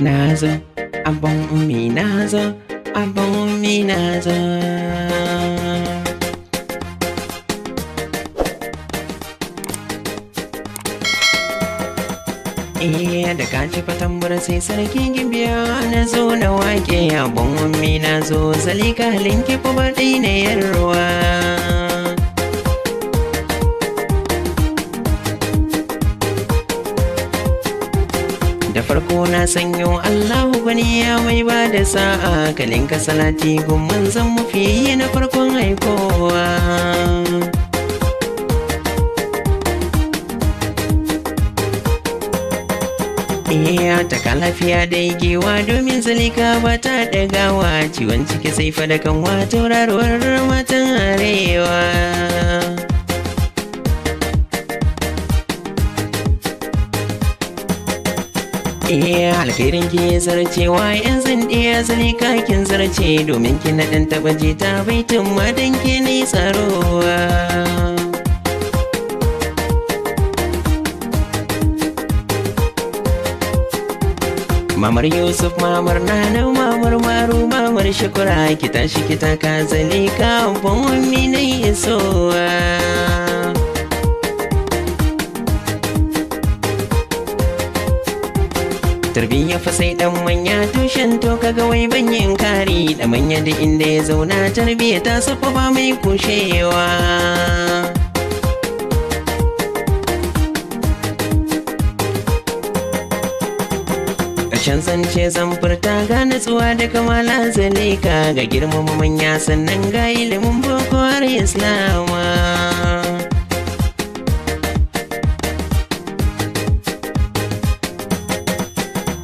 na zo abon umi da kaji fatan mura sai sarki gibiya na zo na wake abun umi na zo zalika linki kuma ɗinayar ruwa da farko na sanyo Allahu bani ya mai ba da sa'a kalin ka salati gun manzan mafi yi na farkon haikowa iya ka lafiya da igewa domin zalika ba ta ɗagawa ciwon ciki sai fadakan wa taurarwar matan arewa. iya alkhairin ki zarcewa yanzu iya zane kakin zarce domin ki na ɗan taɓa ta baitin madan ki ne tsarowa. mamar yusuf mamar nana mamar maru mamar shukura kita shi kita ka zalika bon mi ne isowa tarbiyya fa sai dan manya tushen to kaga wai banyin kari da manya da inda ya zauna tarbiyya ta safa ba mai kushewa Shan zance zan furta ga natsuwa da kamala zalika ga girmama manya sannan ga ilimin boko har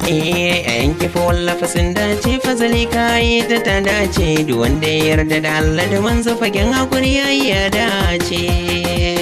eh yanke fa wallafa sun dace fazali kayi ta ta dace duk wanda ya yarda da Allah da manzo fagen hakuri ya dace